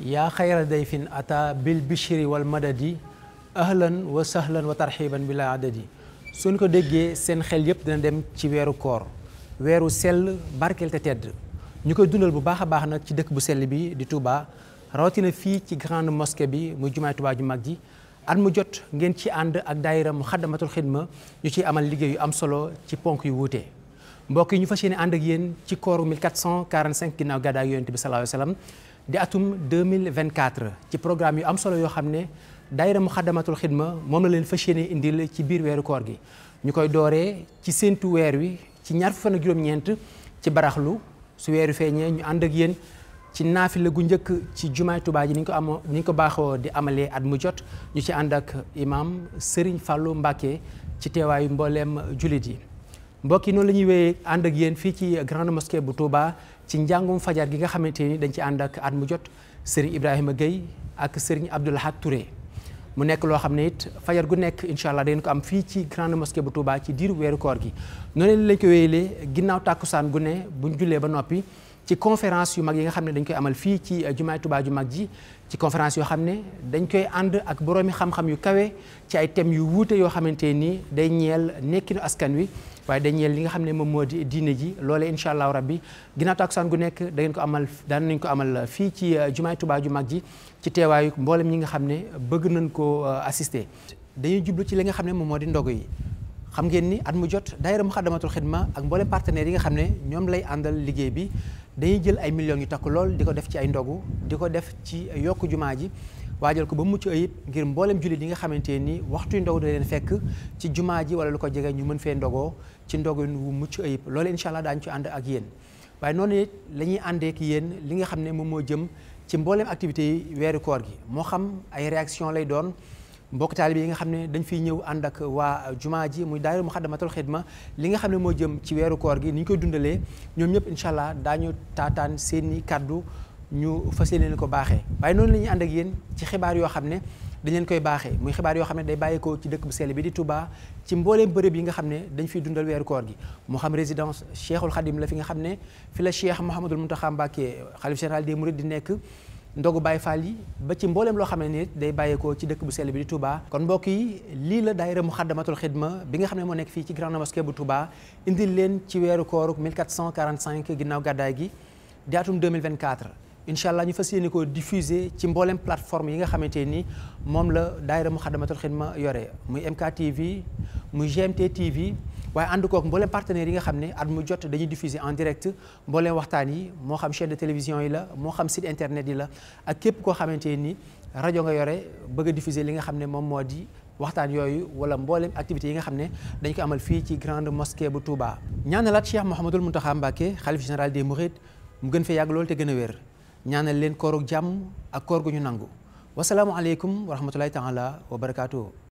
yaa day fin ata bil bishri wal madadi ahlan wa sahlan wa tarxiban bi la adadi suñ ko déggee seen xel yëpp dina dem ci weeru koor weeru sell barkeel te tedd ñu koy dundal bu baax a baax nag ci dëkk bu sell bi di Touba rawatina fii ci grande mosquée bi muy jumaay Touba ju mag ji at mu jot ngeen ci ànd ak daayira mu xaddamatul xidma ñu ciy amal liggéey yu am solo ci ponk yu wuute mbokk yi ñu fa yéene ànd ak yéen ci kooru 1445 ginnaaw gàddaay yonent bi sallallahu alayhi wa sallam di atum 2024 ci programme yu am solo yoo xam ne daayira Muxaddamatul Xidma moom la leen fas yéene indil ci biir weeru koor gi ñu koy dooree ci séentu weer wi ci ñaar fukki fan ak juróom-ñeent ci baraxlu su weeru feeñee ñu ànd ak yéen ci naafila gu njëkk ci jumaay Tuubaa ji ni ñu ko amoon ni ñu ko baaxoo di amalee at mu jot ñu ci ànd ak imaam Serigne fàllu Mbacké ci teewaayu mbooleem jullit yi mbokk yi noonu la ñuy ànd ak yéen fii ci grande mosquée bu Touba ci njàngum fajar gi nga xamante ni dañ ci ànd ak at mu jot sëriñ Ibrahima Gueye ak sëriñ Abdoulahat Touré mu nekk loo xam ne it fajar gu nekk incha allah dañ ko am fii ci grande mosquée bu Touba ci diiru weeru koor gi noonu lañ ko wéyalee ginnaaw tàkkusaan gu ne buñ jullee ba noppi ci conférence yu mag yi nga xam ne dañ koy amal fii ci euh, jumaay Tuubaa ju mag ji ci conférence yoo xam ne dañ koy ànd ak boroomi xam-xam yu kawe ci ay thèmes yu wuute yoo xamante nii day ñeel nekkinu askan wi waaye day ñeel li nga xam ne moom moo di diine ji loolee incha allahu rabbi ginnaaw takusaan gu nekk da ko amal daan nañ ko amal fii ci euh, jumaay Tuubaa ju mag ji ci teewaayu mboolem ñi nga xam ne bëgg nañ koo euh, assister. dañuy jublu ci li nga xam ne moom moo di ndogu yi. xam ngeen ni at mu jot daayira Muxaddamatul Xidma ak mboole partenaires yi nga xam ne ñoom lay àndal liggéey bi dañuy jël ay millions yu takk lool di ko def ci ay ndogu di ko def ci yokk jumaa ji waajal ko ba mucc ayib ngir mboolem jullit li nga xamante ni waxtuy ndogu da leen fekk ci jumaa ji wala lu ko jege ñu mën fee ndogoo ci ndogu wu mucc ayib loolu incha allah daañu ci ànd ak yéen waaye noonu it la ñuy àndee yéen li nga xam ne moom moo jëm ci mboolem activités yi weeru koor gi moo xam ay réaction lay doon mbokk taalibe yi nga xam ne dañ fiy ñëw ànd ak waa jumaa ji muy daayira Muxaddamatul Xidma li nga xam ne moo jëm ci weeru koor gi ni ñu koy dundalee ñoom ñëpp incha allah daañu taataan seeni kàddu ñu fas yéene ko baaxee waaye noonu la ñuy ànd ak yéen ci xibaar yoo xam ne dañ leen koy baaxe muy xibaar yoo xam ne day bàyyeekoo ci dëkk bu sell bi di Touba ci mbooleem bërëb yi nga xam ne dañ fiy dundal weeru koor gi moo xam résidence Cheikhul Khadim la fi nga xam ne fi la Cheikh Mouhamadul Mountakha Mbacké xalif général des Mourides di nekk ndogu Baye Fall yi ba ci mbooleem loo xam ne nit day bàyyeekoo ci dëkk bu sell bi di Touba. kon mbokk yi lii la daayira Muxaddamatul Xidma bi nga xam ne moo nekk fii ci grande mosquée bu Touba indil leen ci weeru kooruk 1445 ginnaaw gàddaay gi di atum 2024. incha allah ñu fa yéene ko diffuser ci mbooleem plateforme yi nga xamante ni moom la daayira Muxaddamatul Xidma yore muy MK TV muy GMT TV. waaye ànd kook mbooleem partenaires yi nga xam ne at mu jot dañuy diffuser en direct mbooleem waxtaan yi moo xam chaîne de télévision yi la moo xam site internet yi la ak képp koo xamante ni rajo nga yore bëgg a li nga xam ne moom moo di waxtaan yooyu wala mbooleem activité yi nga xam ne dañ ko amal fii ci grande mosquée bu tuuba ñaanal Touba. ñaanalaat Cheikh Mouhamadul Mountakha Mbacké xalif général des Mourides mu gën fee yàgg loolu te gën a wér ñaanal leen koorug jàmm ak koor ñu nangu wasalaamualeykum wa rahmatulahi taala wa barakaatu.